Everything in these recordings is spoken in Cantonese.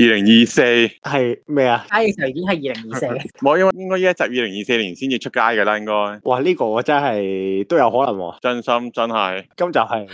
二零二四係咩啊？啊 i 已經係二零二四？唔係，因為應該呢一集二零二四年先至出街噶啦，應該。哇，呢、這個真係都有可能喎、啊！真心真係、 欸。今集係咦？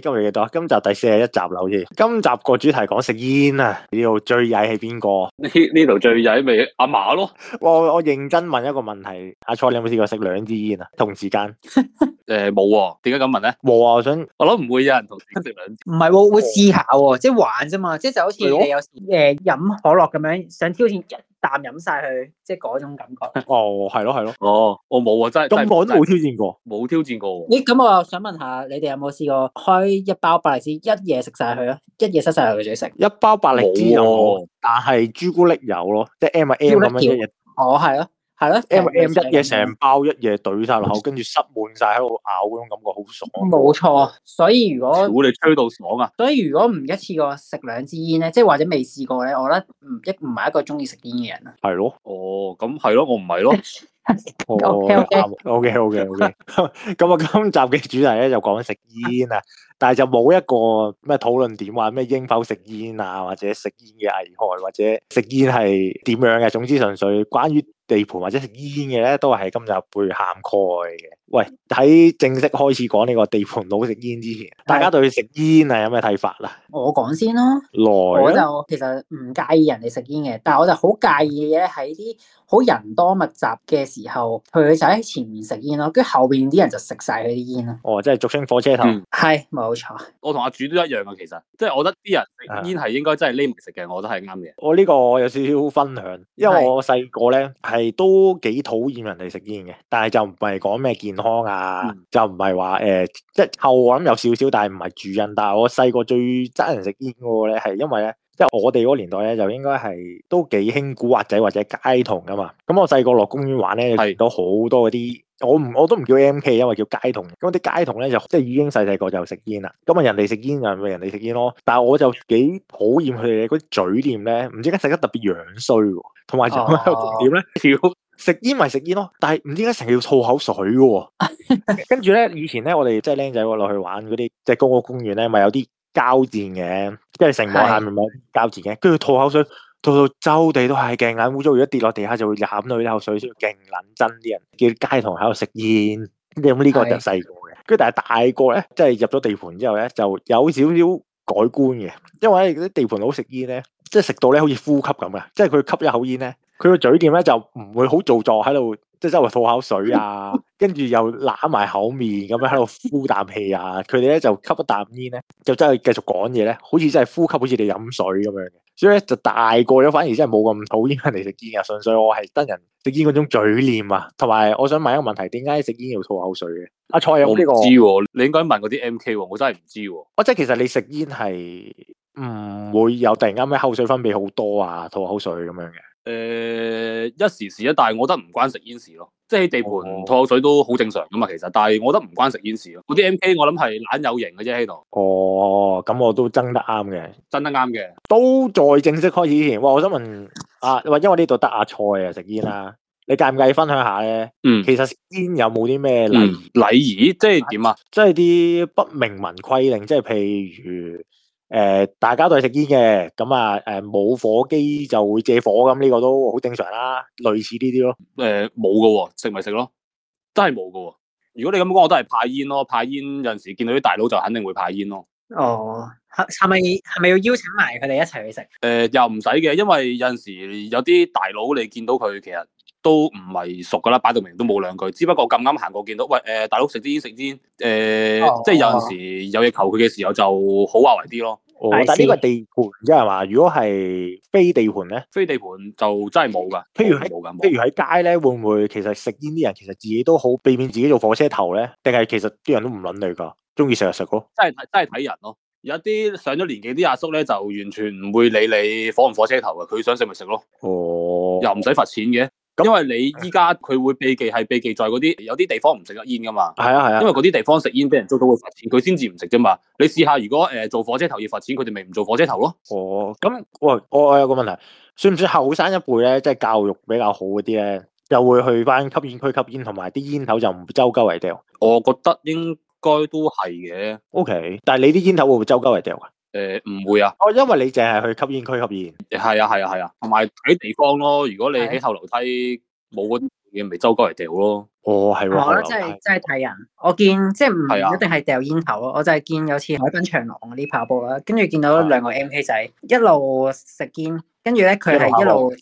今集幾多？今集第四十一集留意。今集個主題講食煙啊，呢度最曳係邊個？呢度最曳咪阿媽咯。我我認真問一個問題，阿、啊、蔡，你有冇試過食兩支煙啊？同時間？誒、 呃，冇。點解咁問咧？冇啊，麼麼我，我想我諗唔會有人同時食兩支。唔係喎，會試下喎、啊， 即係玩啫嘛，即係就好似你有 飲可樂咁樣，想挑戰一啖飲晒佢，即係嗰種感覺。哦，係咯，係咯，哦，哦，我冇啊，真係。咁我都冇挑戰過，冇挑戰過。咦，咁我又想問一下，你哋有冇試過開一包百利滋一夜食晒佢啊？一夜食晒佢自己食。一,一包百利滋冇，但係朱古力有咯，即係，MM、M 咪 M 咁樣。哦，係咯。係啦 m 一嘢成包一嘢懟晒落口，跟住 塞滿晒喺度咬嗰種感覺好爽。冇錯，所以如果，好你吹到爽啊！所以如果唔一次過食兩支煙咧，即係或者未試過咧，我覺得唔一唔係一個中意食煙嘅人啊。係咯，哦，咁係咯，我唔係咯。 Ok，OK，OK。好嘅、哦。咁啊，今集嘅主題咧就講食煙啊，但係就冇一個咩討論點話咩應否食煙啊，或者食煙嘅危害，或者食煙係點樣嘅。總之，純粹關於地盤或者食煙嘅咧，都係今集會涵蓋嘅。喂，喺正式開始講呢個地盤佬食煙之前，是大家對食煙係有咩睇法啦？我講先啦，我就其實唔介意人哋食煙嘅，但係我就好介意嘅喺啲好人多密集嘅時候，佢就喺前面食煙咯，跟住後邊啲人就食晒佢啲煙咯。哦，即、就、係、是、俗稱火車頭，係冇錯。錯我同阿主都一樣噶，其實即係、就是、我覺得啲人食煙是蠻蠻食煙係應該真係匿埋食嘅，我覺得係啱嘅。的我呢個有少少分享，因為我細個咧係都幾討厭人哋食煙嘅，但係就唔係講咩見。康啊、嗯呃，就唔係話誒，即係臭，我諗有少少，但係唔係主因。但係我細個最憎人食煙嗰個咧，係因為咧，即、就、係、是、我哋嗰個年代咧，就應該係都幾興古惑仔或者街童噶嘛。咁我細個落公園玩咧，係是到好多嗰啲，我唔我都唔叫 M K，因為叫街童。咁啲街童咧就即、是、係已經細細個就食煙啦。咁啊，人哋食煙就咪人哋食煙咯。但係我就幾討厭佢哋嗰啲嘴臉咧，唔知點解食得特別樣衰，同埋仲有點咧食煙咪食煙咯，但係唔知點解成日要吐口水。 跟住咧，以前咧，我哋即係僆仔落去玩嗰啲即係公屋公園咧，咪、就是、有啲膠墊嘅，即係城網下面咪膠墊嘅，跟住 吐口水，吐到周地都係勁眼污糟。如果跌落地下就會攬到多啲口水，所以勁撚真啲人。叫街頭喺度食煙，咁有冇呢個就細個嘅？跟住 但係大個咧，即係入咗地盤之後咧，就有少少改觀嘅。因為啲地盤佬食煙咧，即係食到咧，好似呼吸咁嘅，即係佢吸一口煙咧。佢個嘴念咧就唔會好做作喺度，即係周圍吐口水啊，跟住 又攬埋口面咁樣喺度呼啖氣啊。佢哋咧就吸一啖煙咧，就真係繼續講嘢咧，好似真係呼吸，好似你飲水咁樣嘅。所以咧就大個咗，反而真係冇咁討厭人哋食煙啊。純粹我係得人食煙嗰種嘴念啊，同埋我想問一個問題：點解食煙要吐口水嘅？阿蔡有呢個，你應該問嗰啲 MK，我真係唔知。我即係其實你食煙係唔會有突然間咩口水分泌好多啊，吐口水咁樣嘅。誒、呃、一時時啦，但係我覺得唔關食煙事咯，即係地盤拖、哦哦、水都好正常噶嘛，其實。但係我覺得唔關食煙事咯，嗰啲 M K 我諗係懶有型嘅啫喺度。哦，咁我都爭得啱嘅，爭得啱嘅，都在正式開始以前。哇！我想問啊，因為呢度得阿菜啊食煙啦，你介唔介意分享下咧？嗯，其實煙有冇啲咩禮儀、嗯、禮儀？即係點啊？即係啲不明文規定，即係譬如。誒、呃，大家都係食煙嘅，咁啊，誒、呃，冇火機就會借火，咁呢個都好正常啦，類似呢啲咯。誒、呃，冇噶、哦，食咪食咯，真係冇噶。如果你咁講，我都係派煙咯，派煙有陣時見到啲大佬就肯定會派煙咯。哦，係咪係咪要邀請埋佢哋一齊去食？誒、呃，又唔使嘅，因為有陣時有啲大佬你見到佢，其實。都唔係熟噶啦，擺到明都冇兩句。只不過咁啱行過見到，喂、呃、大佬食啲煙食啲煙誒，即係有陣時、啊啊、有嘢求佢嘅時候就好話為啲咯。哦、但係呢個地盤即係話，如果係非地盤咧，非地盤就真係冇噶。譬如喺譬如喺街咧，會唔會其實食煙啲人其實自己都好避免自己做火車頭咧？定係其實啲人都唔撚理你㗎，中意食就食咯。真係真係睇人咯。有啲上咗年紀啲阿叔咧，就完全唔會理你火唔火車頭嘅，佢想食咪食咯。哦，又唔使罰錢嘅。因為你依家佢會避忌係避忌在嗰啲有啲地方唔食得煙㗎嘛，係啊係啊，啊因為嗰啲地方食煙俾人捉到會罰錢，佢先至唔食啫嘛。你試下如果誒、呃、做火車頭要罰錢，佢哋咪唔做火車頭咯。哦，咁喂，我我有個問題，算唔算後生一輩咧？即係教育比較好嗰啲咧，又會去返吸煙區吸煙，同埋啲煙頭就唔周鳩圍掉。我覺得應該都係嘅。O、okay, K，但係你啲煙頭會唔會周鳩圍掉㗎？誒，唔、欸、會啊！哦，因為你淨係去吸煙區吸煙，係啊係啊係啊，同埋睇地方咯。如果你喺後樓梯冇嗰啲嘢，咪周街嚟掉咯。哦，係、啊。我真係真係睇人。我見即係唔一定係掉煙頭咯，啊、我就係見有次海濱長廊嗰啲跑步啦，跟住見到兩個 MK 仔一路食煙，跟住咧佢係一路。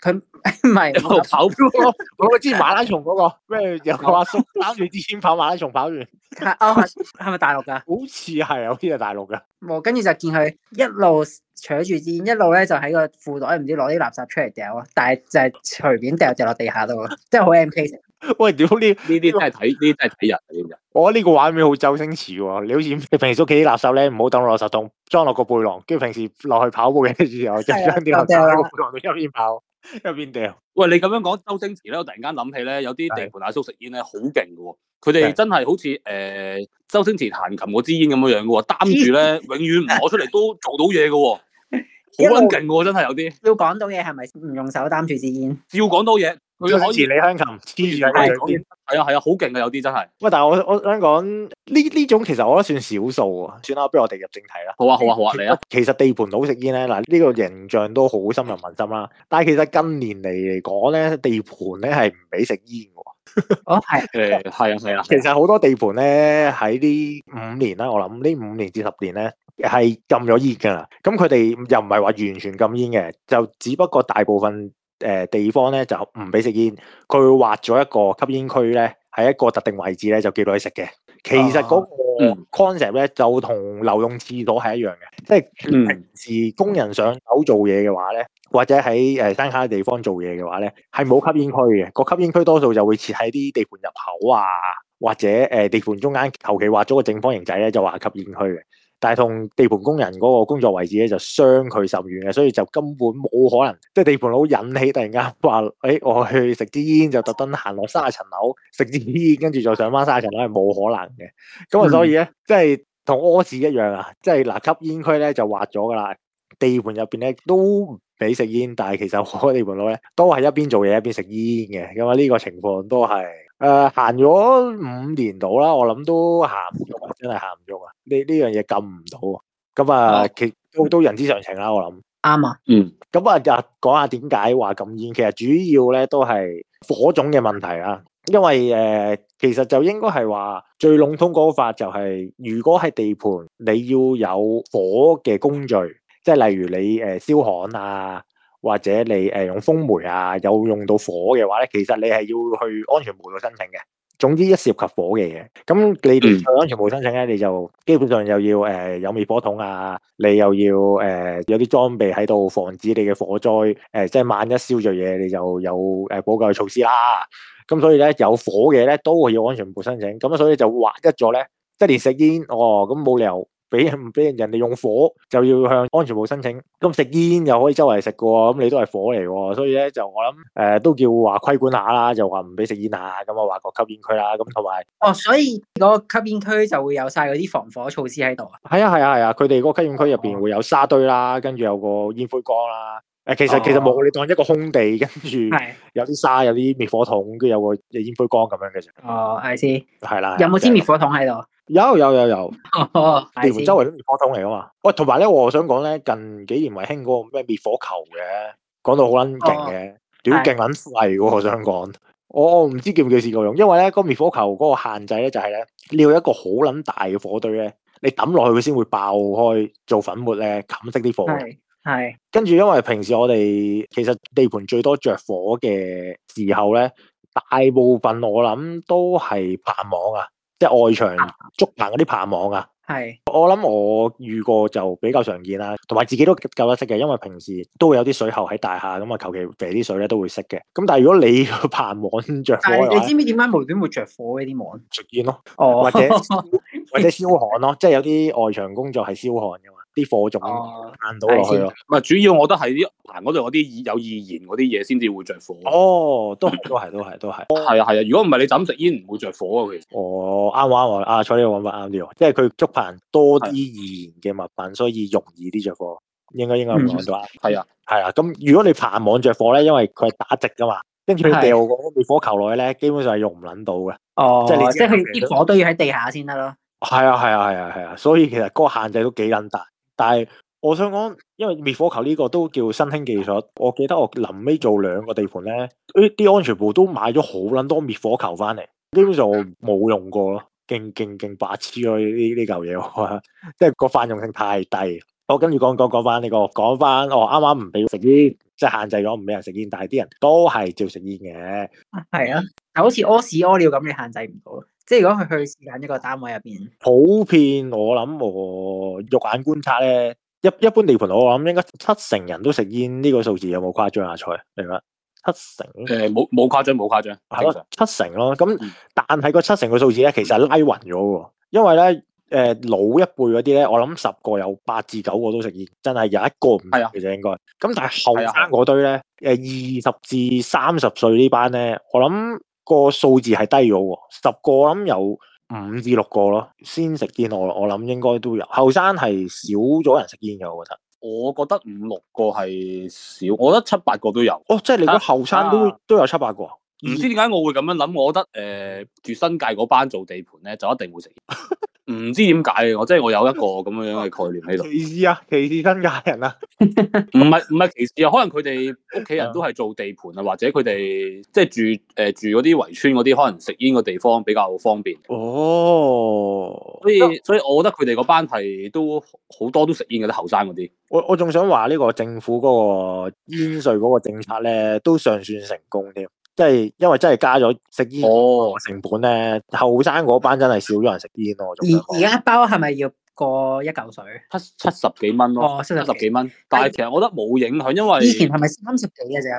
佢唔係跑漂咯， 我我之前馬拉松嗰、那個咩？有個阿叔擔住支煙跑馬拉松，跑完係 咪、哦、大陸噶？好似係啊，好似係大陸噶。我跟住就見佢一路扯住支煙，一路咧就喺個褲袋唔知攞啲垃圾出嚟掉啊！但係就係隨便掉，掉落地下度，即係好 M K。喂，屌呢呢啲都係睇呢啲都係睇人。我覺得呢個畫面好周星馳喎，你好似你平時都屋企啲垃圾咧，唔好抌落垃圾桶，裝落個背囊，跟住平時落去跑步嘅時候，將啲垃圾喺個背囊度一邊跑。 一邊掉，喂，你咁樣講周星馳咧，我突然間諗起咧，有啲地盤大叔食煙咧好勁嘅，佢哋真係好似誒周星馳彈琴嗰支煙咁樣樣嘅，擔住咧 永遠唔攞出嚟都做到嘢嘅，好捻勁嘅，真係有啲要講到嘢係咪唔用手擔住支煙？要講到嘢。好似李香琴黐住喺度講煙，係啊係啊，好勁啊，有啲真係。喂，但係我我想講呢，呢種其實我覺得算少數啊。算啦，不如我哋入正題啦。好啊好啊好啊，你。啊。其實地盤佬好食煙咧，嗱、這、呢個形象都好深入民心啦。但係其實近年嚟講咧，地盤咧係唔俾食煙嘅。哦，係係啊係啊。其實好多地盤咧喺呢五年啦，我諗呢五年至十年咧係禁咗煙噶啦。咁佢哋又唔係話完全禁煙嘅，就只不過大部分。誒、呃、地方咧就唔俾食煙，佢劃咗一個吸煙區咧，喺一個特定位置咧就叫佢食嘅。其實嗰個 concept 咧就同流動廁所係一樣嘅，即、就、係、是、平時工人上樓做嘢嘅話咧，或者喺誒、呃、山下嘅地方做嘢嘅話咧，係冇吸煙區嘅。個吸煙區多數就會設喺啲地盤入口啊，或者誒、呃、地盤中間，求其劃咗個正方形仔咧就話吸煙區嘅。但係同地盤工人嗰個工作位置咧就相距甚遠嘅，所以就根本冇可能，即係地盤佬引起突然間話，誒、哎，我去食支煙就特登行落卅層樓食支煙，跟住再上翻卅層樓係冇可能嘅。咁啊，所以咧，即係同屙屎一樣啊，即係嗱，吸煙區咧就劃咗㗎喇，地盤入邊咧都唔俾食煙，但係其實我的地盤佬咧都係一邊做嘢一邊食煙嘅，咁啊呢個情況都係。誒，行咗五年度啦，我諗都行唔喐，真係行唔喐啊！呢呢樣嘢，禁唔到，咁啊，其都都人之常情啦，我諗。啱啊，嗯，咁啊，就講下點解話禁煙，其實主要咧都係火種嘅問題啊，因為誒，其實就應該係話最籠統嗰個法就係，如果係地盤你要有火嘅工序，即係例如你誒燒焊啊。或者你誒用風煤啊，有用到火嘅話咧，其實你係要去安全部度申請嘅。總之一涉及火嘅嘢，咁你哋去安全部申請咧，你就基本上又要誒有滅火筒啊，你又要誒有啲裝備喺度防止你嘅火災。誒，即係萬一燒著嘢，你就有誒補救措施啦。咁所以咧，有火嘅咧都要安全部申請。咁啊，所以就劃一咗咧，即係連食煙哦，咁冇理由。俾人唔俾人哋用火就要向安全部申請。咁食煙又可以周圍食噶喎，咁你都係火嚟喎，所以咧就我諗誒、呃，都叫話規管下啦，就話唔俾食煙下，咁我話個吸煙區啦，咁同埋哦，所以嗰個吸煙區就會有晒嗰啲防火措施喺度啊？係啊係啊係啊，佢哋、啊、個吸煙區入邊會有沙堆啦，哦、跟住有個煙灰缸啦。誒，其實、哦、其實冇，你當一個空地，跟住有啲沙，的有啲滅火筒，跟住有個煙灰缸咁樣嘅啫。哦，係先。係啦。的有冇支滅火筒喺度？有有有有，地盤周圍都滅火筒嚟噶嘛？喂，同埋咧，我想講咧，近幾年咪興嗰個咩滅火球嘅，講到好捻勁嘅，屌勁捻廢，我想講，我我唔知叫唔叫試過用，因為咧嗰個滅火球嗰個限制咧就係咧，你要一個好捻大嘅火堆咧，你抌落去佢先會爆開做粉末咧，冚熄啲火。係是是 跟住因為平時我哋其實地盤最多着火嘅時候咧，大部分我諗都係棚網啊。即係外牆竹棚嗰啲爬網啊是，係，我諗我遇過就比較常見啦，同埋自己都夠得識嘅，因為平時都會有啲水喉喺大廈，咁啊求其肥啲水咧都會濕嘅。咁但係如果你去爬網着火，但你知唔知點解無端端會着火嘅啲網？着煙咯，或者或者燒焊咯， 即係有啲外牆工作係燒焊嘅。啲火種限到落去咯，唔係、哦、主要，我覺得係啲棚嗰度有啲有意燃易燃嗰啲嘢先至會着火。哦，都都係，都係，都係，係啊係啊！如果唔係你咁食煙，唔會着火啊？其實哦啱話啱話，阿彩你講法啱啲喎，即係佢竹棚多啲易燃嘅物品，的所以容易啲着火。應該應該講到啱。係啊係啊，咁的如果你棚網着火咧，因為佢係打直嘅嘛，跟住你掉個火球落去咧，基本上係用唔撚到嘅。哦，即係即係啲火都要喺地下先得咯。係啊係啊係啊係啊，所以其實嗰個限制都幾撚大。但係，我想講，因為滅火球呢個都叫新興技術。我記得我臨尾做兩個地盤咧，啲、哎、啲安全部都買咗好撚多滅火球翻嚟，基本上我冇用過咯，勁勁勁白痴咯呢呢嚿嘢，即係個泛用性太低。我跟住講講講翻呢、這個，講翻，我啱啱唔俾食煙，即係限制咗唔俾人食煙，但係啲人都係照食煙嘅，係啊，好似屙屎屙尿咁你限制唔到。即係如果佢去試緊一個單位入邊，普遍我諗我肉眼觀察咧，一一般地盤佬我諗應該七成人都食煙呢個數字有冇誇張啊？蔡，明唔明，七成？誒、嗯，冇冇誇張，冇誇張，係咯，對常七成咯。咁、嗯、但係個七成嘅數字咧，其實是拉匀咗因為咧，誒、呃、老一輩嗰啲咧，我諗十個有八至九個都食煙，真係有一個唔食其實應該。咁、啊、但係後生嗰堆咧，誒二十至三十歲呢班咧，我諗。個數字係低咗喎，十個我諗有五至六個咯，嗯、先食煙我我諗應該都有，後生係少咗人食煙嘅我覺得。我覺得五六個係少，我覺得七八個都有。哦，即係你嘅後生都、啊、都有七八個，唔、啊、知點解我會咁樣諗，我覺得誒、呃、住新界嗰班做地盤咧就一定會食煙。 唔知點解嘅，我即係我有一個咁樣樣嘅概念喺度。歧視啊，歧視新界人啊！唔係唔係歧視啊，可能佢哋屋企人都係做地盤啊， 或者佢哋即係住誒、呃、住嗰啲圍村嗰啲，可能食煙嘅地方比較方便。哦，所以所以，那所以我覺得佢哋嗰班係都好多都食煙嘅啲後生嗰啲。我我仲想話呢個政府嗰個煙稅嗰個政策咧，都尚算成功嘅。即係，因為真係加咗食煙哦成本呢，後生嗰班真係少咗人食煙咯。而而家包係咪要？個一嚿水七七十幾蚊咯，七十幾蚊。但係其實我覺得冇影響，因為以前係咪三十幾嘅就一、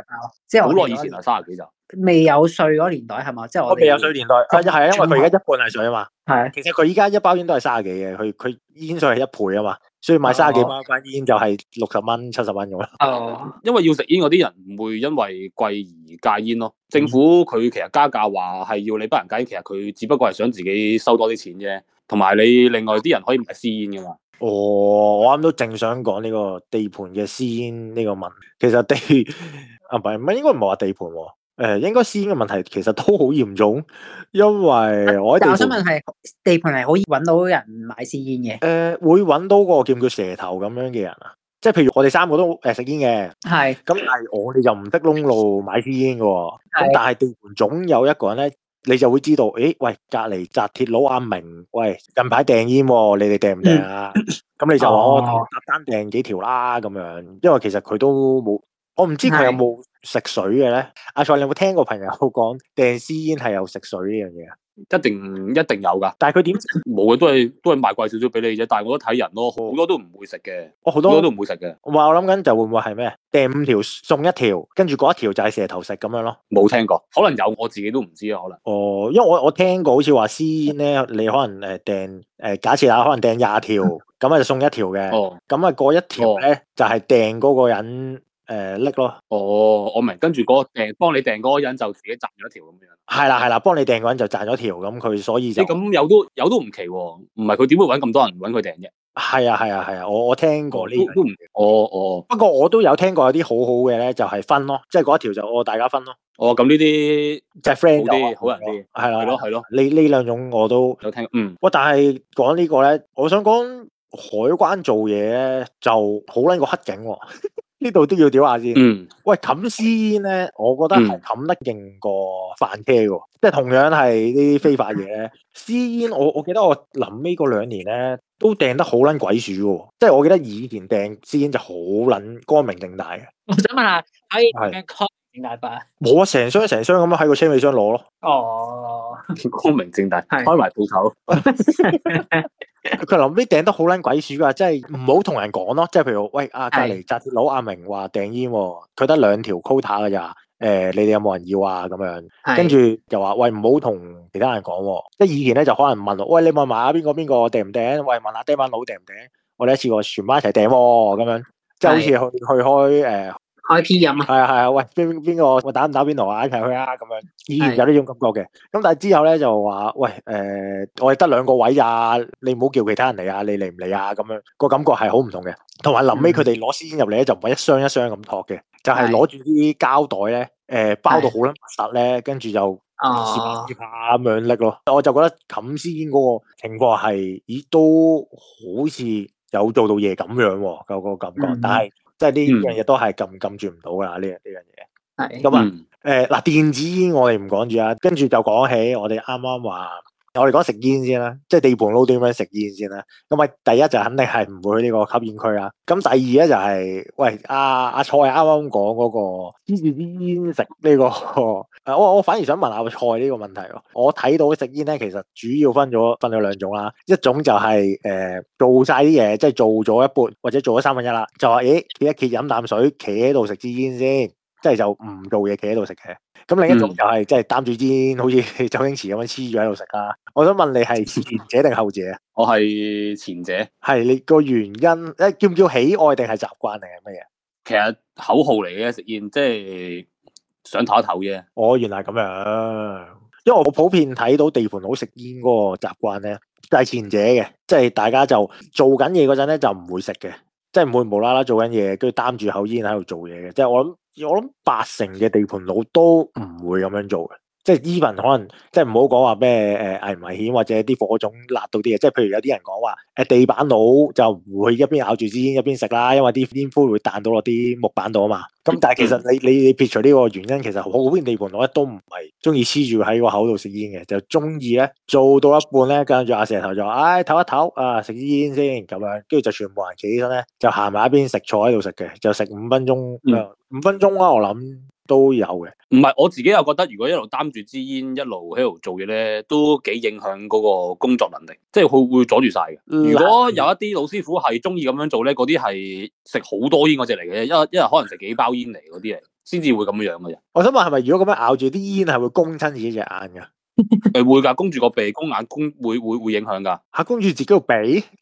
是、包，好耐以前係卅幾就未有稅嗰年代係嘛？即係我未有稅年代，係啊，不是因為佢而家一半係稅啊嘛。係啊的，其實佢依家一包煙都係卅幾嘅，佢佢煙稅係一倍啊嘛，所以買卅幾包煙就係六十蚊、七十蚊咁咯。啊、的因為要食煙嗰啲人唔會因為貴而戒煙咯。嗯、政府佢其實加價話係要你不人戒煙，其實佢只不過係想自己收多啲錢啫。同埋你另外啲人可以買私煙嘅嘛？哦，我啱都正想講呢個地盤嘅私煙呢個問題。其實地啊，唔係唔係應該唔係話地盤喎。誒，應該、呃、私煙嘅問題其實都好嚴重，因為我但我想問係地盤係可以搵到人買私煙嘅？誒、呃，會搵到個叫唔叫蛇頭咁樣嘅人啊？即係譬如我哋三個都誒、呃、食煙嘅，係咁是，但係我哋就唔識窿路買私煙嘅。咁是但係地盤總有一個人咧。你就會知道，誒、欸，喂，隔籬紮鐵佬阿明，喂，近排訂煙，你哋訂唔訂啊？咁、嗯、你就話、哦、我搭單訂幾條啦，咁樣，因為其實佢都冇，我唔知佢有冇食水嘅咧。是阿蔡，你有冇聽過朋友講訂私煙係有食水呢樣嘢啊？一定一定有噶，但係佢點食？冇嘅都係都係賣貴少少俾你啫。但係我都睇人咯，好、哦、多都唔會食嘅、哦，我好多都唔會食嘅。我話我諗緊就會唔會係咩？訂五條送一條，跟住嗰一條就係蛇頭食咁樣咯。冇聽過，可能有，我自己都唔知啊，可能。哦，因為我我聽過好似話先咧，你可能誒、呃、訂誒、呃，假設啦，可能訂廿條，咁啊、嗯、就送一條嘅。哦。咁啊，嗰一條咧、哦、就係訂嗰個人。誒，拎、呃、咯。哦，我明。跟住嗰、那個訂，幫你訂嗰個人就自己賺咗一條咁樣。係啦係啦，幫你訂嗰人就賺咗一條咁佢，所以就你咁有都有都唔奇喎、啊。唔係佢點會搵咁多人搵佢訂啫？係啊係啊係啊，我我聽過呢啲都唔奇。哦哦。不過我都有聽過有啲好好嘅咧，就係分咯，即係嗰一條就我大家分咯。哦，咁呢啲即係 friend 啲好，好人啲，係咯係咯。呢呢兩種我都有聽。嗯。喂，但係講呢個咧，我想講海關做嘢咧就好撚過黑警、啊。 呢度都要屌下先。嗯，喂，冚私煙咧，我覺得冚得勁過飯車噶，嗯、即係同樣係啲非法嘢。 私煙我我記得我臨尾嗰兩年咧，都訂得好捻鬼鼠喎。即係我記得以前訂私煙就好捻光明正大嘅。我想問下，可以光明正大？冇啊，成箱成箱咁喺個車尾箱攞咯。哦，光 明正大是開埋鋪頭。 佢諗啲訂得好撚鬼鼠噶，即係唔好同人講咯。即係譬如喂、阿、啊、隔籬紮鐵佬阿明話訂煙，佢得兩條 quota 㗎咋，誒、呃，你哋有冇人要啊？咁樣，是 跟住又話喂唔好同其他人講。即係以前咧就可能問，喂你問埋下邊個邊個訂唔訂？喂問下釘板佬訂唔訂？我哋一次過全部一齊訂咁樣，即係好似去是 去開誒。呃 I.P. 飲嘛？係 啊係啊，喂邊邊個？我打唔打邊度啊？一齊去啊！咁樣依然的有呢種感覺嘅，咁但係之後咧就話，喂誒、呃，我哋得兩個位啊，你唔好叫其他人嚟啊，你嚟唔嚟啊？咁樣個感覺係好唔同嘅，同埋臨尾佢哋攞私煙入嚟咧，就唔係一箱一箱咁托嘅，的就係攞住啲膠袋咧，誒、呃、包到好撚實咧，跟住的後就蝕蝦咁樣拎咯。我就覺得冚私煙嗰個情況係，咦都好似有做到嘢咁樣個個感覺，嗯、但係。即係呢樣嘢都係禁禁不住唔到㗎啦，呢樣呢樣嘢。係咁啊，誒、嗱電子煙我哋唔講住啊，跟住就講起我哋啱啱話。我哋講食煙先啦，即係地盤佬點樣食煙先啦。咁啊，第一就肯定係唔會去呢個吸煙區啦。咁第二咧就係、是，喂，阿阿蔡啱啱講嗰個支住支煙食呢個，這個啊、我我反而想問下蔡呢個問題咯。我睇到食煙咧，其實主要分咗分咗兩種啦。一種就係、是、誒、呃、做晒啲嘢，即係做咗一半或者做咗三分一啦，就話，咦，企一企飲啖水，企喺度食支煙先，即係就唔做嘢，企喺度食嘅。咁另一種就係即係擔住支煙，好似周星馳咁樣黐住喺度食啦。我想問你係前者定後者？我係前者。係你個原因？誒，叫唔叫喜愛定係習慣定係乜嘢？其實口號嚟嘅食煙，即係想唞一唞啫。我、哦、原來咁樣。因為我普遍睇到地盤佬食煙嗰個習慣咧，就係、是、前者嘅，即、就、係、是、大家就做緊嘢嗰陣咧就唔會食嘅。即係唔會無啦啦做緊嘢，跟住擔住口煙喺度做嘢嘅，即係我諗，我諗八成嘅地盤佬都唔會咁樣做嘅。即係 even 可能，即係唔好講話咩誒危唔危險或者啲火種辣到啲嘢。即係譬如有啲人講話誒地板佬就唔會一邊咬住支煙一邊食啦，因為啲煙灰會彈到落啲木板度啊嘛。咁但係其實你你撇除呢個原因，其實我嗰邊地盤佬咧都唔係中意黐住喺個口度食煙嘅，就中意咧做到一半咧跟住阿蛇頭就唉唞、哎、一唞啊食支煙先咁樣，跟住就全部人企起身咧就行埋一邊食坐喺度食嘅，就食五分鐘五、嗯、分鐘啦、啊、我諗。都有嘅，唔係我自己又覺得，如果一路擔住支煙，一路喺度做嘢咧，都幾影響嗰個工作能力，即係會會阻住晒嘅。如果有一啲老師傅係中意咁樣做咧，嗰啲係食好多煙嗰隻嚟嘅，一一日可能食幾包煙嚟嗰啲嚟，先至會咁樣嘅啫。我想問係咪如果咁樣咬住啲煙係會攻親自己隻眼㗎？誒 會㗎，攻住個鼻、攻眼、攻會會會影響㗎。嚇、啊，攻住自己個鼻，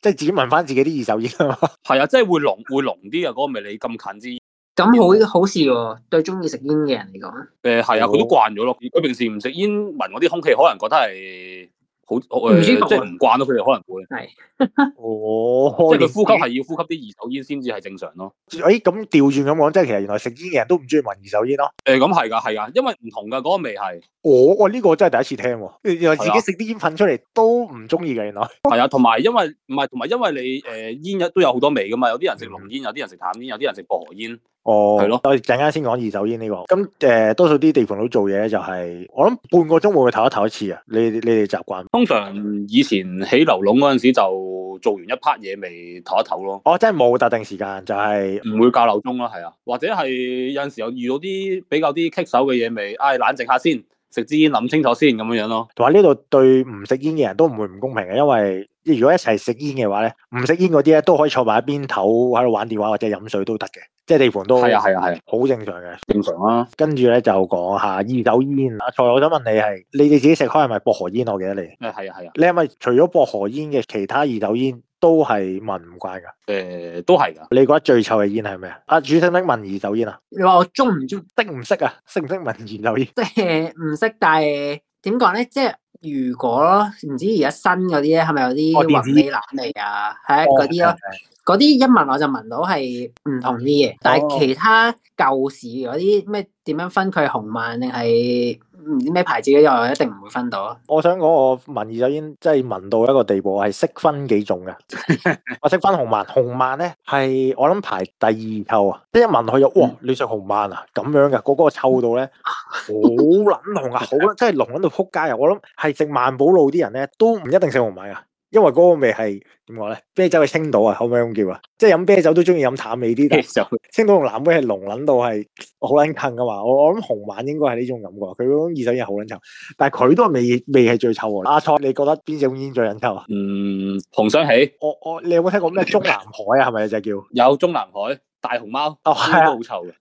即係自己聞翻自己啲二手煙啊嘛。係 啊，即係會濃會濃啲啊！嗰、嗰個咪你咁近支。咁好好事喎，哦，對中意食煙嘅人嚟講。誒係，呃、啊，佢都慣咗咯。佢平時唔食煙，聞嗰啲空氣可能覺得係好，呃、行即係唔慣到佢哋可能會係 哦，即係佢呼吸係要呼吸啲二手煙先至係正常咯。誒咁調轉咁講，即係其實原來食煙嘅人都唔中意聞二手煙咯，啊。誒咁係㗎，係，嗯、啊，因為唔同㗎嗰，那個、味係。我哇，哦、呢、哦這個真係第一次聽喎，啊，原來自己食啲、啊、煙粉出嚟都唔中意嘅原來。係啊，同埋因為唔係同埋因為你誒，呃、煙一都有好多味㗎嘛，有啲人食濃煙，有啲人食淡煙，有啲人食薄荷煙。哦，係咯，我哋陣間先講二手煙呢個。咁誒，多數啲地盤佬做嘢就係，我諗半個鐘會唞一唞一次啊。你你哋習慣？通常以前起流籠嗰陣時就做完一 part 嘢未唞一唞咯。哦，即係冇特定時間，就係唔會較鬧鐘咯，係啊。或者係有陣時有遇到啲比較啲棘手嘅嘢未，唉，冷靜下先，食支煙諗清楚先咁樣樣咯。同埋呢度對唔食煙嘅人都唔會唔公平嘅，因為。如果一齊食煙嘅話咧，唔食煙嗰啲咧都可以坐埋一邊唞，喺度玩電話或者飲水都得嘅，即係地盤都係啊係啊係，好正常嘅，正常啊。啊啊啊跟住咧就講下二手煙。阿、啊、財，我想問你係你哋自己食開係咪薄荷煙？我記得你。誒係啊係啊，啊你係咪除咗薄荷煙嘅其他二手煙都係聞唔慣噶？誒、呃、都係噶、啊。你覺得最臭嘅煙係咩啊？阿主識唔識聞二手煙啊？你話我中唔中？識唔識啊？識唔識聞二手煙？即係唔識，但係點講咧？即係。如果唔知而家新嗰啲咧，係咪有啲雲呢拿嚟啊？係嗰啲咯，嗰啲，哦、一聞我就聞到係唔同啲嘢，哦，但係其他舊時嗰啲咩點樣分佢紅曼定係？唔知咩牌子嘅，又一定唔會分到。我想講，我聞二手煙真係聞到一個地步，係識分幾種嘅。 我識分紅萬，紅萬咧係我諗排第二臭、嗯、啊！即一聞落去又哇，你食紅萬啊？咁樣嘅嗰個臭到咧，好撚、嗯、 紅啊！好即係濃到撲街啊！我諗係食萬寶路啲人咧，都唔一定食紅萬啊。因為嗰個味係點講咧？啤酒係青島啊，可唔可以咁叫啊，即係飲啤酒都中意飲淡味啲。啤酒，青島同藍妹係濃捻到係好捻近噶嘛？我我諗紅晚應該係呢種感覺，佢嗰種二手煙好捻臭，但係佢都未未係最臭。阿、啊、蔡，你覺得邊種煙最捻臭啊？嗯，紅雙喜。我我你有冇聽過咩中南海啊？係咪就叫有中南海、大熊貓哦，啊，好臭嘅。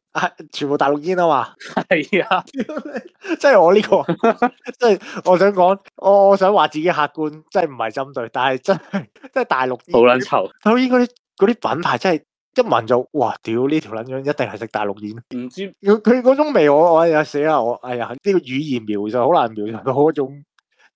全部大陸煙啊嘛，係啊，即係我呢個，即係我想講，我我想話自己客觀，即係唔係針對，但係真係，即係大陸煙好卵臭，佢應該嗰啲品牌真係一聞就，哇，屌呢條卵樣一定係食大陸煙，唔知佢嗰種味，我我又死啦，我哎呀，呢、這個語言描述好難描述到嗰種。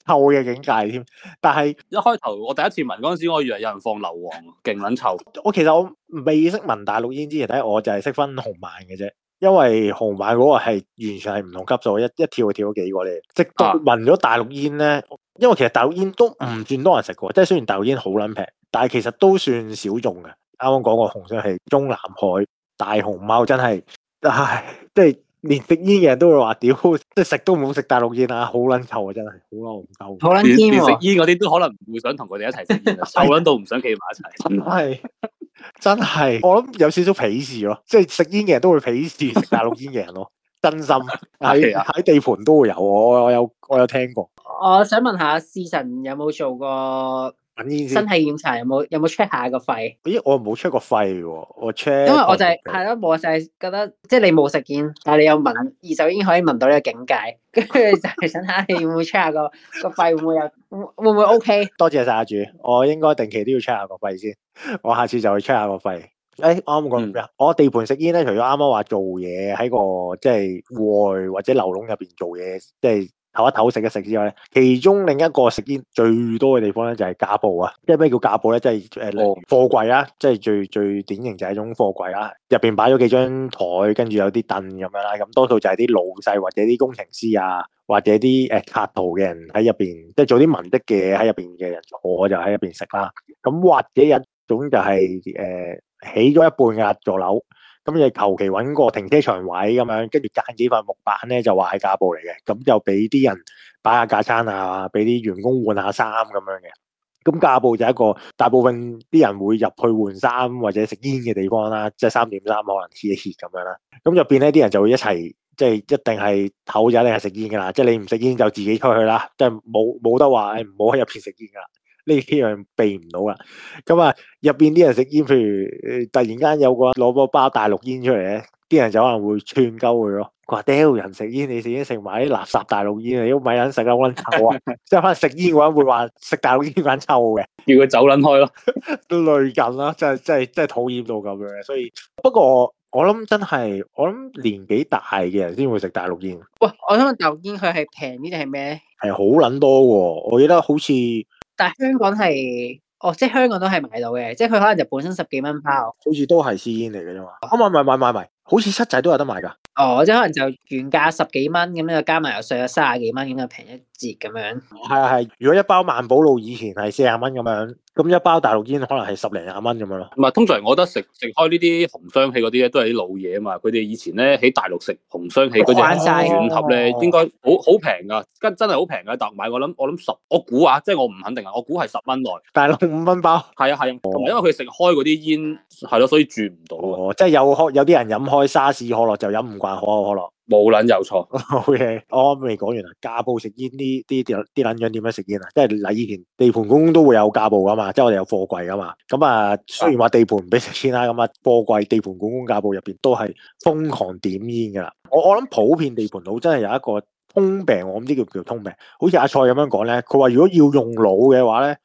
臭嘅境界添，但係一開頭我第一次聞嗰陣時，我以為有人放硫磺，勁撚臭。我其實我未識聞大陸煙之前，睇我就係識分紅曼嘅啫。因為紅曼嗰個係完全係唔同級數，一一跳就跳咗幾個你。直到聞咗大陸煙咧，啊、因為其實大陸煙都唔算多人食過，即係雖然大陸煙好撚平，但係其實都算少眾嘅。啱啱講過紅雙喜、中南海、大熊貓真係唉對。就是連食煙嘅人都會話：屌，即係食都唔好食大陸煙連啊，好撚臭啊，真係好撚唔夠。好撚煙，食煙嗰啲都可能唔會想同佢哋一齊食煙啊，臭撚 的到唔想企埋一齊。真係真係，我諗有少少鄙視咯，即係食煙嘅人都會鄙視食大陸煙嘅人咯。 真心喺喺地盤都會有，我我有我有聽過。我想問下，世臣有冇做過？等等身體檢查有冇有冇 check 下個肺？咦，我冇 check 個肺喎，我 check。因為我就係係咯，我就係覺得，即係你冇食煙，但係你有聞二手煙可以聞到呢個境界，跟住 就係想睇下你會唔會 check 下個 個肺會唔會有會唔會 OK？多謝晒阿主，我應該定期都要 check 下個肺先，我下次就會 check 下個肺。誒、哎，我啱啱講咩啊？嗯、我地盤食煙咧，除咗啱啱話做嘢喺個即係戶外或者流籠入邊做嘢，即係。唞一唞食一食之外咧，其中另一個食煙最多嘅地方咧就係架步啊。即係咩叫架步咧？即係誒貨櫃啦，即係最最典型就係一種貨櫃啦，入邊擺咗幾張台，跟住有啲凳咁樣啦，咁多數就係啲老細或者啲工程師啊，或者啲誒套圖嘅人喺入邊，即係做啲文職嘅喺入邊嘅人坐就喺入邊食啦。咁或者有一種就係、是、誒、呃、起咗一半嘅一座樓。咁你求其揾個停車場位咁樣，跟住架幾塊木板咧就話係架步嚟嘅，咁就俾啲人擺下架餐啊，俾啲員工換下衫咁樣嘅。咁架步就一個大部分啲人會入去換衫或者食煙嘅地方啦，即係三點三可能 hea 一 hea 咁樣啦。咁入邊咧啲人就會一齊，即係一定係口仔，一定係食煙噶啦。即係你唔食煙就自己出去啦，即係冇冇得話誒，唔好喺入邊食煙噶啦。呢樣避唔到啦。咁啊，入邊啲人食煙，譬如突然間有個攞個包大陸煙出嚟咧，啲人就可能會串鳩佢咯。佢話：屌人食煙，你食煙食埋啲垃圾大陸煙，你都唔係人食，好撚臭啊！即係可能食煙嘅話，會話食大陸煙撚臭嘅，叫佢走撚開咯， 都累緊啦，真係真係真係討厭到咁樣嘅。所以不過我我我諗真係我諗年紀大嘅人先會食大陸煙。喂，我想問大陸煙佢係平啲定係咩咧？係好撚多喎，我記得好似。但香港係，哦，即係香港都係買到嘅，即係佢可能就本身十幾蚊包，好似都係私煙嚟嘅啫嘛。啊、哦、買買買，買好似七仔都有得買㗎。哦，即係可能就原價十幾蚊咁樣加埋又稅咗三十幾蚊咁又平一。便宜折咁樣，係係。如果一包萬寶路以前係四十蚊咁樣，咁一包大陸煙可能係十零廿蚊咁樣咯。唔係，通常我覺得食食開呢啲紅雙喜嗰啲咧，都係啲老嘢啊嘛。佢哋以前咧喺大陸食紅雙喜嗰隻軟盒咧，應該好好平噶，真真係好平噶。特買我諗我諗十，我估下，即係我唔肯定啊。我估係十蚊內，大陸五蚊包。係啊係，同埋、啊哦、因為佢食開嗰啲煙係咯、啊，所以轉唔到啊。即係有有啲人飲開沙士可樂就飲唔慣可口可樂。冇捻有錯，好嘅，我未講完啊。架步食煙呢啲啲捻樣點樣食煙啊？即係嗱，以前地盤工都會有架步噶嘛，即係我哋有貨櫃噶嘛。咁啊，雖然話地盤唔俾食煙啦，咁啊貨櫃、地盤、管工、架步入邊都係瘋狂點煙噶啦。我我諗普遍地盤佬真係有一個通病，我唔知叫唔叫通病。好似阿蔡咁樣講咧，佢話如果要用腦嘅話咧，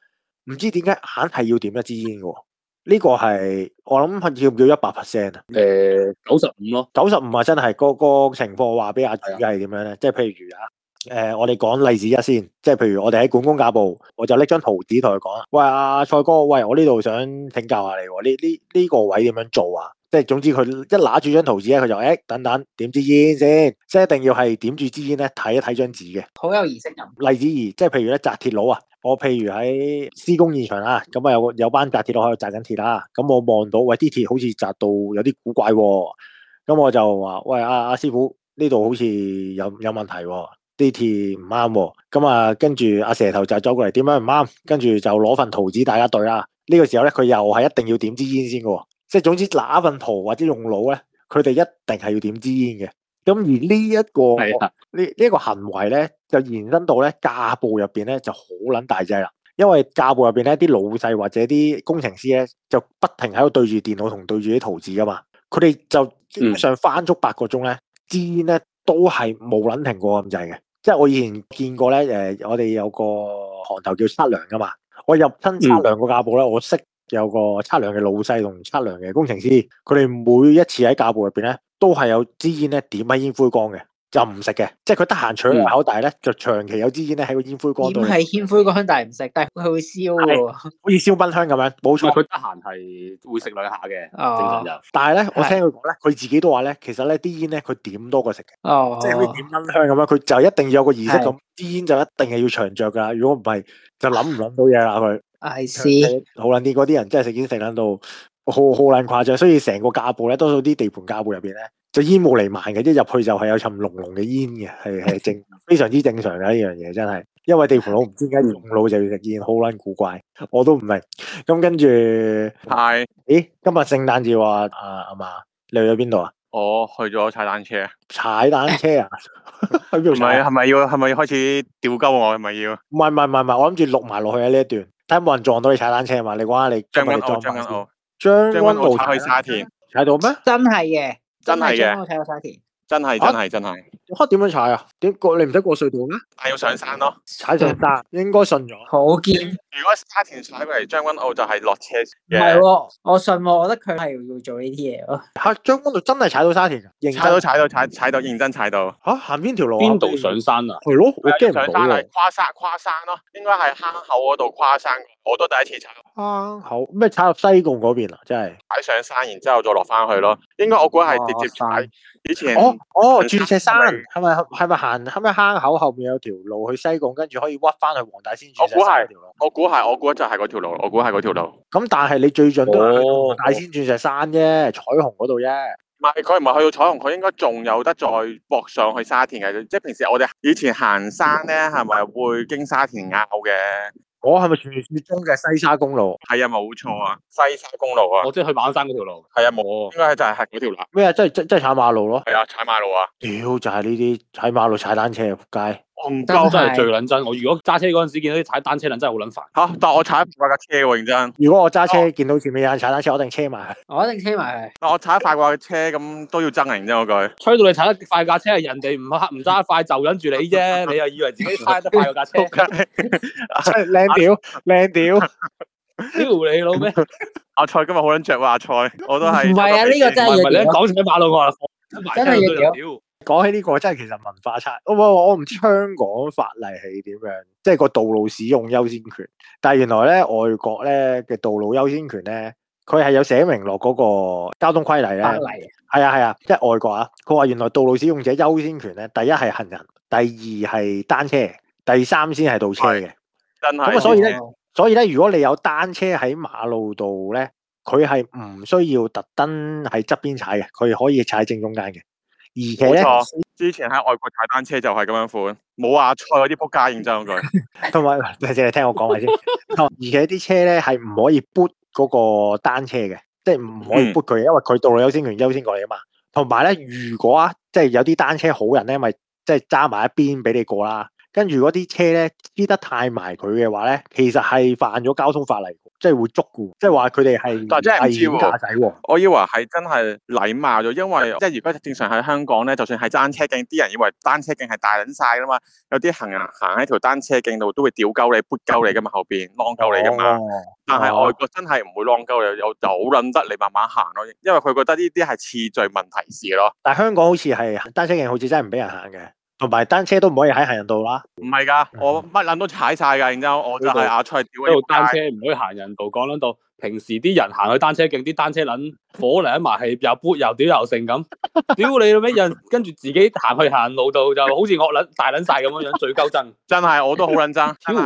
唔知點解硬係要點一支煙噶。呢個係我諗係要唔要一百 percent 啊？誒、欸，九十五咯，九十五啊！真係嗰個情況話俾阿主嘅係點樣咧？是的即係譬如啊，誒、呃，我哋講例子一先，即係譬如我哋喺管工架步，我就拎張圖紙同佢講啊，喂，阿、啊、蔡哥，喂，我呢度想請教下你，呢呢呢個位點樣做啊？即係總之佢一拿住張圖紙咧，佢就誒、欸、等等，點支煙先，即係一定要係點住支煙咧睇一睇張紙嘅，好有儀式感。例子二，即係譬如咧紮鐵佬啊，我譬如喺施工現場啊，咁啊有有班紮鐵佬喺度紮緊鐵啦，咁我望到喂啲鐵好似紮到有啲古怪、啊，咁我就話喂阿阿、啊、師傅呢度好似有有問題、啊，啲鐵唔啱，咁啊跟住阿蛇頭走咗過嚟，點樣唔啱？跟住就攞份圖紙大家對啦。呢、這個時候咧，佢又係一定要點支煙先嘅、啊。即係總之拿份圖或者用腦咧，佢哋一定係要點支煙嘅。咁而呢一個呢呢一個行為咧，就延伸到咧架部入邊咧就好捻大劑啦。因為架部入邊咧，啲老細或者啲工程師咧，就不停喺度對住電腦同對住啲圖紙噶嘛。佢哋就基本、嗯、上翻足八個鐘咧，支煙咧都係冇捻停過咁滯嘅。即係、嗯、我以前見過咧，誒，我哋有個行頭叫測量噶嘛。我入親測量個架部咧，我識。有個測量嘅老細同測量嘅工程師，佢哋每一次喺架步入邊咧，都係有支煙咧點喺煙灰缸嘅，就唔食嘅。即係佢得閒取兩口呢，但係咧就長期有支煙咧喺個煙灰缸度。點係煙灰缸香，但係唔食，但係佢會燒嘅，哦、好似燒蚊香咁樣。冇錯，佢得閒係會食兩下嘅，哦、正常就但係咧，是我聽佢講咧，佢自己都話咧，其實咧啲煙咧，佢點多過食嘅。哦，即係好似點蚊香咁樣，佢就一定要有個儀式咁，支煙是就一定係要長着噶啦。如果唔係，就諗唔諗到嘢啦佢。係好捻啲嗰啲人真係食煙食捻到好好捻誇張，所以成個架步咧，多數啲地盤架步入邊咧，就煙霧彌漫嘅，一入去就係有層濃濃嘅煙嘅，係係正 非常之正常嘅一樣嘢，真係。因為地盤佬唔知點解用腦就要食煙，好捻古怪，我都唔明。咁跟住，係，Hi. 咦，今日聖誕節話，阿阿媽，你去咗邊度啊？我去咗踩單車。踩單車啊？喺邊度踩啊？係咪要？係咪要開始吊鳩我？係咪要？唔係唔係唔係，我諗住錄埋落去啊呢一段。睇冇人撞到你踩單車啊嘛，你講下你張君張君豪，張君豪踩到去沙田，踩到咩？真係嘅，真係嘅，張君豪踩到沙真係真係、啊、真係好，啊點樣踩啊？點過你唔使過隧道咩、啊？但要上山咯，踩上山 應該順咗。我見如果沙田踩過嚟將軍澳就，就係落車。唔係喎，我信喎，我覺得佢係要做呢啲嘢咯。吓、啊，將軍澳真係踩到沙田踩到踩到踩到踩到認真踩到。吓、啊，行邊條路？邊度上山啊？係咯，我驚唔到路。上山係跨山跨山咯，應該係坑口嗰度跨山。我都第一次踩坑口，咩、啊、踩入西貢嗰邊啊！真係踩上山，然之後再落翻去咯。應該我估係直接踩。啊啊、以前哦哦、鑽、哦、石山係咪係咪行？係咪坑口後邊有條路去西貢，跟住可以屈翻去黃大仙。我估係條路，我估係我估，就係嗰條路。我估係嗰條路。咁但係你最盡都大仙鑽石山啫，哦、彩虹嗰度啫。唔係，佢唔係去到彩虹，佢應該仲有得再駁上去沙田嘅。即係平時我哋以前行山咧，係咪會經沙田坳嘅？我係咪傳說中嘅西沙公路？係啊，冇錯啊，西沙公路啊，我即係去馬鞍山嗰條路，、啊、路。係啊，冇啊，應該係就係嗰條路。咩啊？即係即係踩馬路咯。係啊，踩馬路啊。屌、啊，就係呢啲踩馬路踩單車扑街。澳洲真係最捻真，我如果揸車嗰陣時見到啲踩單車人真係好捻煩。吓，但係我踩一百架車喎，認真。如果我揸車見到前面有人踩單車，我一定車埋，我一定車埋。但係我踩快過架車咁都要爭人，真嗰句。吹到你踩得快架車，人哋唔黑唔揸得快就忍住你啫，你又以為自己踩得快架車？靚屌，靚屌，屌你老咩？阿蔡今日好捻着喎，阿蔡，我都係。唔係啊，呢個真係。你講馬路真係屌。講起呢個真係，其實文化差。我我唔知香港法例係點樣，即係個道路使用優先權。但係原來咧外國咧嘅道路優先權咧，佢係有寫明落嗰個交通規例呢係啊係啊，即係外國啊。佢話原來道路使用者優先權咧，第一係行人，第二係單車，第三先係倒車嘅。咁啊！所以咧，的所以咧，如果你有單車喺馬路度咧，佢係唔需要特登喺側邊踩嘅，佢可以踩正中間嘅。冇錯，之前喺外國踩單車就係咁樣款，冇阿蔡嗰啲仆街認真句 。同埋，你淨係聽我講埋先。而且啲車咧係唔可以 boot 嗰個單車嘅，即係唔可以 boot 佢，因為佢道路優先權優先過嚟啊嘛。同埋咧，如果啊，即係有啲單車好人咧，咪即係揸埋一邊俾你過啦。跟住嗰啲車咧黐得太埋佢嘅話咧，其實係犯咗交通法例，即係會捉嘅。即係話佢哋係係亂駕駛。我以為係真係禮貌咗，因為即係如果正常喺香港咧，就算係單車徑，啲人以為單車徑係大撚晒嘅嘛。有啲行人行喺條單車徑度都會屌鳩你、撥鳩、嗯、你嘅嘛，嗯、後邊啷鳩你嘅嘛。嗯、但係外國真係唔會啷鳩你，有又好撚得你慢慢行咯，因為佢覺得呢啲係次序問題事咯。但係香港好似係單車徑，好似真係唔俾人行嘅。同埋單車都唔可以喺行人道啦，啊，唔係噶，我乜捻都踩晒噶，然之後我就係阿蔡屌你，這個這個，單車唔可以行人道，講捻到。平時啲人行去單車徑，啲單車撚火嚟一埋氣，又 boot 又屌又剩咁，屌你老味人，跟住 自己行去行路度，就好似惡捻大捻晒咁樣樣，最鳩憎 真係，我都好捻憎，真係。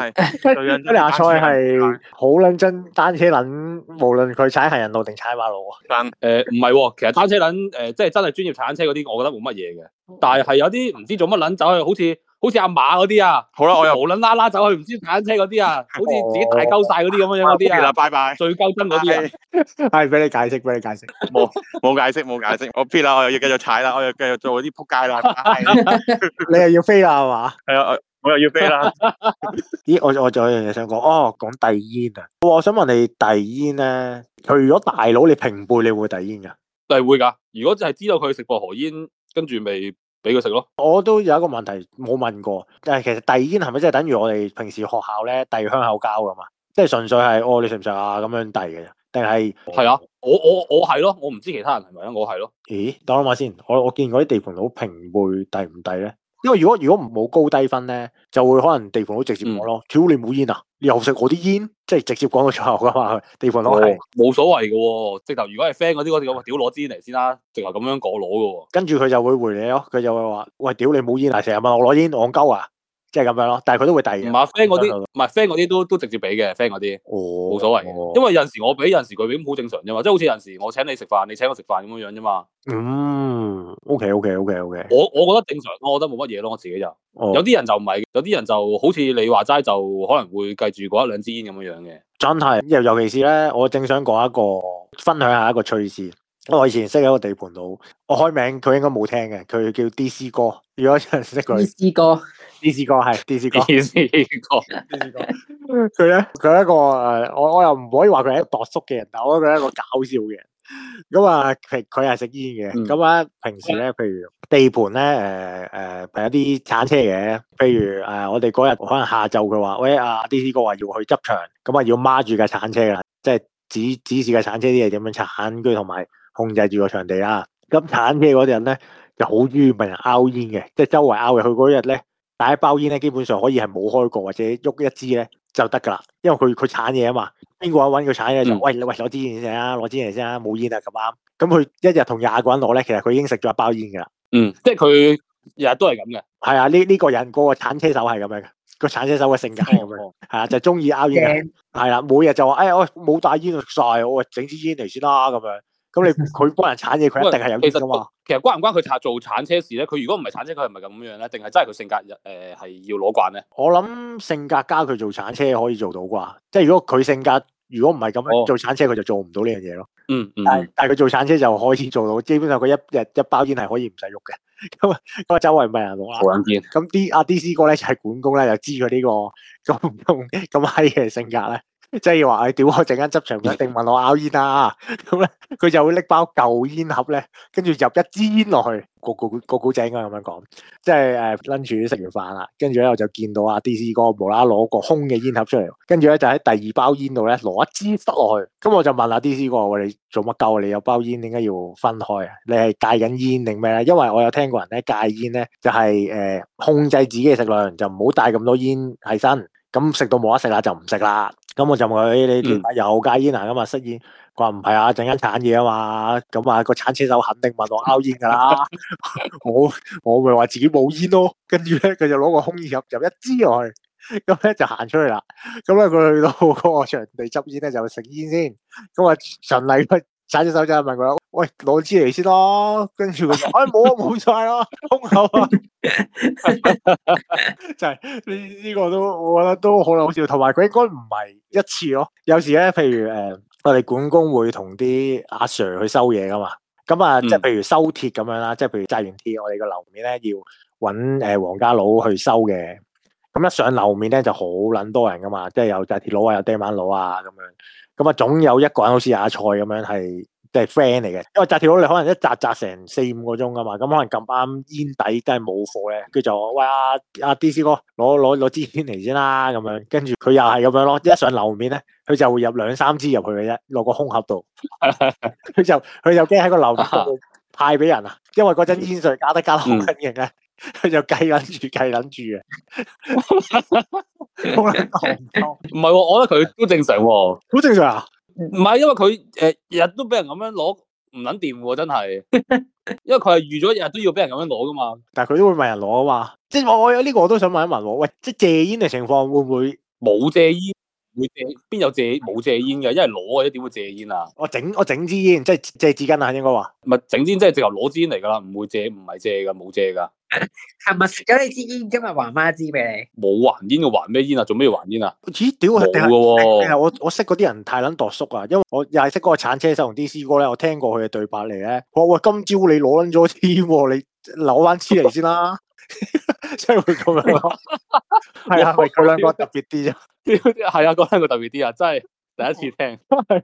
阿樣菜係好捻憎，單車撚無論佢踩行人路定踩馬路。誒、 呃，唔係，其實單車撚誒，即、呃、係真係專業踩單車嗰啲，我覺得冇乜嘢嘅。但係係有啲唔知做乜捻，走去好似。好似阿馬嗰啲啊，好啦，我又冇卵拉拉走去唔知踩單車嗰啲啊，好似自己大鳩晒嗰啲咁樣樣嗰啲啊、哦，拜拜，最鳩真嗰啲啊，係俾、哎哎、你解釋俾你解釋，冇冇 解釋冇解釋，我撇啦，我又要繼續踩啦，我又繼續做啲扑街啦， 你又要飛啦係嘛？係 啊，我又要飛啦。 咦，我我仲有樣嘢想講，哦，講遞煙啊，我想問你遞煙咧，除咗大佬，你平輩你會遞煙噶？係會噶，如果就係知道佢食薄荷煙，跟住未……俾佢食咯，我都有一個問題冇問過，但係其實遞煙係咪即係等於我哋平時學校咧遞香口膠咁嘛，即係純粹係哦，你食唔食啊？咁樣遞嘅，定係係啊？我我我係咯，我唔知其他人係咪啊？我係咯。咦，等諗下先，我我見過啲地盤佬平輩遞唔遞咧？蒂因為如果如果唔冇高低分咧，就會可能地盤佬直接講咯。屌、嗯、你冇煙啊？你又食我啲煙？即係直接講到最後噶嘛？地盤佬係冇所謂嘅、哦，直頭如果係 friend 嗰啲，我哋咁咪屌攞支煙嚟先啦、啊，直頭咁樣講攞嘅。跟住佢就會回你咯，佢就會話：喂，屌你冇煙啊！成日問我攞煙，戇鳩啊！即係咁樣咯，但係佢都會遞。唔係 friend 啲，唔係 friend 嗰啲都都直接俾嘅，friend 嗰啲，冇、哦、所謂、哦、因為有陣時候我俾，有陣時佢俾，好正常啫嘛。即、就、係、是、好似有陣時候我請你食飯，你請我食飯咁樣樣啫嘛。嗯，OK OK OK OK。我我覺得正常，我覺得冇乜嘢咯，我自己就。哦、有啲人就唔係，有啲人就好似你話齋，就可能會計住嗰一兩支煙咁樣樣嘅。真係，尤其是咧，我正想講一個，分享一下一個趣事。我以前識一個地盤佬，我開名，佢應該冇聽嘅，佢叫 D C 哥。如果識佢。D C 哥。DC 哥係 DC 哥，DC 哥，佢咧佢係一個誒，我我又唔可以話佢係一個惰叔嘅人，但我我覺得佢係一個搞笑嘅。咁、嗯、啊， 佢佢係食煙嘅。咁啊，平時咧，譬如地盤咧，誒、呃、誒，係、呃、一啲鏟車嘅。譬如誒、呃，我哋嗰日可能下晝，佢話喂阿 DC 哥話要去執場，咁啊要孖住架鏟車嘅，即係指指示架鏟車啲嘢點樣鏟，跟住同埋控制住個場地啊。咁鏟車嗰陣咧，就好中意問人拗煙嘅，即係周圍拗嘅。佢嗰日咧。帶一包煙咧，基本上可以係冇開過或者喐一支咧就得㗎啦，因為佢佢鏟嘢啊嘛，邊、嗯、個人揾佢鏟嘢，就喂你喂攞支煙先啦，攞支煙先啦，冇煙啊咁啱，咁佢一日同廿個人攞咧，其實佢已經食咗一包煙㗎啦。嗯，即係佢日日都係咁嘅。係啊，呢、這、呢個人嗰個鏟車手係咁樣嘅，個鏟車手嘅性格係 啊，就係中意拗煙。係啦、 啊，每日就話誒我冇帶煙晒，我整支煙嚟先啦咁樣。咁 你佢幫人鏟嘢，佢一定係有知識㗎嘛。其實關唔關佢做鏟車事咧？佢如果唔係鏟車，佢係咪咁樣咧？定係真係佢性格誒係、呃、要攞慣咧？我諗性格加佢做鏟車可以做到啩？即係如果佢性格如果唔係咁樣、哦、做鏟車，佢就做唔到呢樣嘢咯。嗯，嗯，嗯，但係佢做鏟車就可以做到，基本上佢一日一包煙係可以唔使喐嘅。咁 啊 周圍唔係人老啦。咁 D 阿、啊、D C 哥咧就係、是、管工咧，就知佢呢、這個咁咁咁閪嘅性格咧。即係話你屌我陣間執場一定問我拗煙啦，咁咧佢就會拎包舊煙盒咧，跟住入一支煙落去，個個個古仔應該咁樣講，即係誒，拎住食完飯啦，跟住咧我就見到阿 D C 哥無啦啦攞個空嘅煙盒出嚟，跟住咧就喺第二包煙度咧攞一支塞落去，咁我就問阿 D C 哥，我哋做乜鳩？你有包煙點解要分開啊？你係戒緊煙定咩咧？因為我有聽過人咧戒煙咧就係誒控制自己嘅食量，就唔好帶咁多煙喺身，咁食到冇得食啦就唔食啦。咁、嗯、我就問佢：你點解又戒煙啊？咁啊，失言。佢話唔係啊，陣間鏟嘢啊嘛。咁啊，個鏟車手肯定問 我吸煙㗎啦。我我咪話自己冇煙咯。跟住咧，佢就攞個空煙盒，入一支落去。咁咧就行出去啦。咁咧，佢去到個場地執煙咧，就食煙先煙。咁啊循例揸隻手仔問佢：喂，攞支嚟先咯。跟住佢話：唉、哎，冇啊，冇晒咯，空口啊。 就係、是、呢、這個都，我覺得都好好笑。同埋佢應該唔係一次咯。有時咧，譬如誒、呃，我哋管工會同啲阿 Sir 去收嘢㗎嘛。咁啊，即係、嗯、譬如收鐵咁樣啦，即係譬如紮完鐵，我哋個樓面咧要揾、呃、王家佬去收嘅。咁一上樓面咧就好捻多人噶嘛，即係有紮鐵佬啊，有釘板佬啊咁樣，咁啊總有一個人好似阿蔡咁樣係即係 friend 嚟嘅，因為紮鐵佬你可能一扎紮成四五個鐘噶嘛，咁可能咁啱煙底真係冇貨咧，佢就喂啊阿、啊、D C 哥攞攞攞支煙嚟先啦，咁樣，跟住佢又係咁樣咯，一上樓面咧，佢就會入兩三支入去嘅啫，落個空盒度，佢 就佢就驚喺個樓度派俾人啊， 因為嗰陣煙稅加得加得好勁嘅。嗯佢就計緊住計緊住嘅，唔係、 哦，我覺得佢都正常，哦，好正常啊！唔係，因為佢誒、呃、日日都俾人咁樣攞，唔捻掂嘅真係，因為佢係預咗日日都要俾人咁樣攞噶嘛。 但係佢都會問人攞啊嘛。即係我我有呢個我都想問一問，喂，即係借煙嘅情況會唔會冇借煙？會借邊有借冇借煙嘅，一係攞啊，一點會借煙啊？我整我整支煙，即係借紙巾啊，應該話。唔係整支煙，即係直頭攞支煙嚟噶啦，唔會借，唔係借噶，冇借噶。係咪食咗你支煙？今日還翻支俾你。冇還煙，還咩煙啊？做咩要還煙啊？咦，屌，冇嘅、啊、我我識嗰啲人太捻度縮啊，因為我又係識嗰個鏟車手同 D C 哥咧，我聽過佢嘅對白嚟咧。我喂，今朝你攞捻咗支煙，你攞翻支嚟先啦、啊。 即係會咁樣咯，係啊，咪佢兩個特別啲啊，係啊，覺得兩個特別啲啊，真係第一次聽，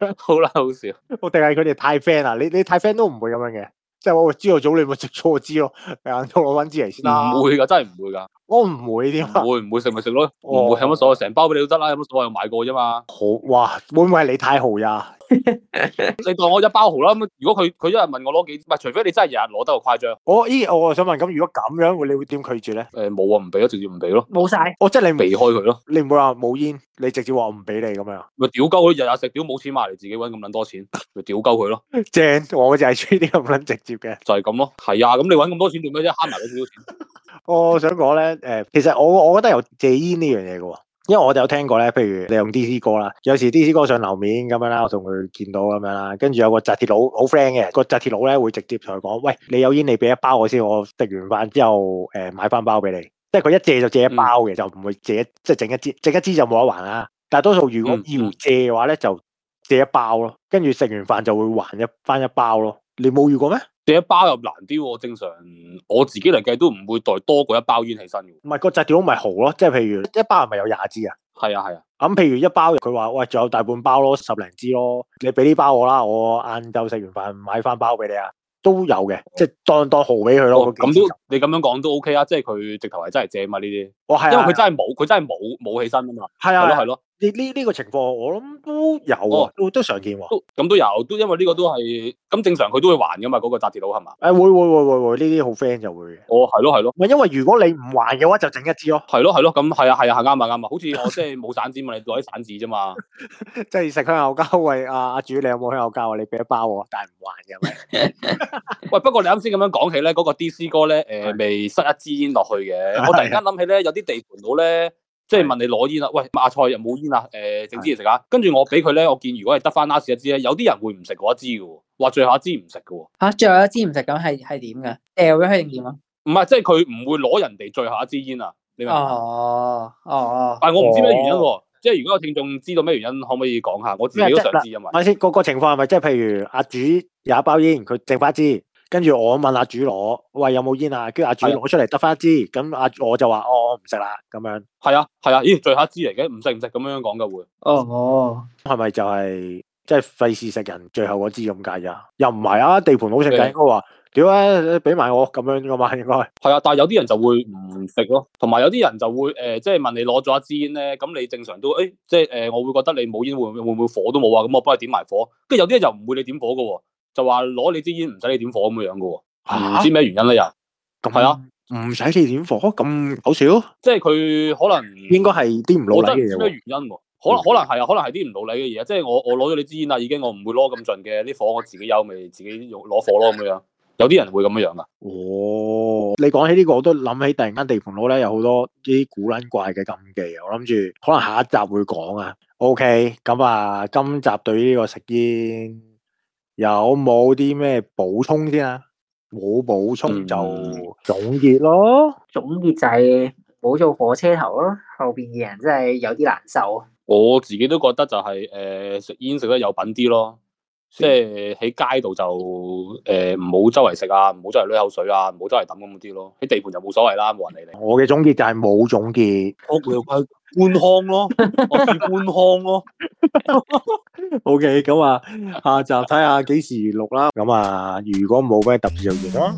好啦，好笑，我定係佢哋太 friend 啦，你你太 friend 都唔會咁樣嘅。即係我朝頭早你咪食錯支咯，晏晝攞翻支嚟先、啊。唔會㗎，真係唔會㗎。我唔會啲、哦、嘛。會唔會食咪食咯？唔會有乜所謂，成包俾你都得啦。有乜所謂？我係買過啫嘛。好哇，會唔會係你太豪呀、啊？ 你當我一包豪啦，如果佢佢一日問我攞幾支，唔除非你真係日日攞得個誇張。我、哦、咦？我啊想問，咁如果咁樣，會你會點拒絕咧？誒冇啊，唔俾啊，直接唔俾咯。冇晒，我、哦、即係你未避開佢咯。你唔會話冇煙，你直接話唔俾你咁樣咪屌鳩佢，日日食屌冇錢買嚟自己揾咁撚多錢，咪屌鳩佢咯。 正，我就係吹啲咁撚直接。嘅就係咁咯，係啊，咁你揾咁多錢做咩啫？慳埋你咁多錢。 我想講咧，誒、呃，其實我我覺得有借煙呢樣嘢嘅喎，因為我哋有聽過咧，譬如你用 D C 哥啦，有時 D C 哥上樓面咁樣啦，我同佢見到咁樣啦，跟住有個紮鐵佬好 friend 嘅，個紮鐵佬咧會直接同佢講，喂，你有煙你俾一包我先，我食完飯之後誒、呃、買翻包俾你，即係佢一借就借一包嘅、嗯，就唔會借一即係整一支，整一支就冇得還啦。但係多數如果要借嘅話咧，就借一包咯，跟住食完飯就會還一翻一包咯。你冇遇過咩？一包又難啲，正常我自己嚟計都唔會袋多過一包煙起身嘅。唔係，個債條咪豪咯，即係譬如一包係咪有廿支啊？係啊係啊，咁譬如一包，佢話喂，仲有大半包咯，十零支咯，你俾呢包我啦，我晏晝食完飯買翻包俾你啊，都有嘅，哦、即係當當豪俾佢咯。咁、哦、都你咁樣講都 OK 啊，即係佢直頭係真係借嘛呢啲。因為佢真係冇，佢真係冇冇起身啊嘛，係啊，係咯，係咯，呢呢呢個情況我諗都有，都都常見喎，咁都有，都因為呢個都係咁正常，佢都會還噶嘛，嗰個紮鐵佬係嘛，誒會會會會呢啲好 friend 就會，哦係咯係咯，因為如果你唔還嘅話就整一支咯，係咯係咯，咁係啊係啊係啱啊啱啊，好似我即係冇散紙嘛，你攞啲散紙啫嘛，即係食香口膠喂阿阿主，你有冇香口膠啊？你俾一包啊，但係唔還嘅喂。不過你啱先咁樣講起咧，嗰個 D C 哥咧，誒未塞一支煙落去嘅，我突然間諗起咧有。啲地盤佬咧，即係問你攞煙啦。是的 喂，阿菜又有冇煙啊？誒、呃，整支嚟食啊？跟住是的 我俾佢咧，我見如果係得翻 last 一支咧，有啲人會唔食嗰一支嘅喎，話最後一支唔食嘅喎。嚇，最後一支唔食咁係係點嘅？掉咗定點啊？唔係，即係佢唔會攞人哋最後一支煙啊！你明唔明？哦哦，但係我唔知咩原因喎。即係如果有聽眾知道咩原因，可唔可以講下？我自己都想知，吖嘛。啊先個個情況係咪即係譬如阿主有一包煙，佢剩翻一支？跟住我問阿主攞，喂，有冇煙啊？跟住阿主攞的出嚟得翻一支，咁阿我就話哦，我唔食啦咁樣。係啊係啊，咦最後一支嚟嘅，唔食唔食咁樣講噶會。哦哦、oh, oh. 就是，係咪就係即係費事食人最後嗰支咁解咋？又唔係啊？地盤佬食架的應該話，屌咧，俾埋我咁樣噶嘛應該。係啊，但係有啲人就會唔食咯，同埋有啲人就會誒、呃，即係問你攞咗一支煙咧，咁你正常都誒、欸，即係誒、呃，我會覺得你冇煙會會唔會火都冇啊？咁我幫你點埋火，跟住有啲人就唔會你點火噶。就話攞你支煙唔使你點火咁樣樣噶喎，唔、啊、知咩原因咧？又係啊，唔使你點火咁好少，即係佢可能應該係啲唔老禮嘅嘢。咩原因、啊原來可是，可能可能係啊，可能係啲唔老禮嘅嘢。即係我我攞咗你支煙啦，已經我唔會攞咁盡嘅，啲火我自己有，咪自己用攞火咯咁樣。有啲人會咁樣樣、啊、噶。哦，你講起呢、這個，我都諗起突然間地盤佬咧有好多啲古捻怪嘅禁忌，我諗住可能下一集會講啊。OK，咁啊，今集對呢個食煙。有冇啲咩補充先啊？冇補充就總結咯。總結就係唔好做火車頭咯，後邊嘅人真係有啲難受。我自己都覺得就係、是、誒，食煙食得有品啲咯。即係喺街度就誒，唔好周圍食啊，唔好周圍濰口水啊，唔好周圍抌咁啲咯。喺地盤就冇所謂啦，冇人理你。我嘅總結就係冇總結，我會去官腔咯， 我叫官腔咯。OK，咁啊，下集睇下幾時錄啦。咁 啊，如果冇咩特別就完啦。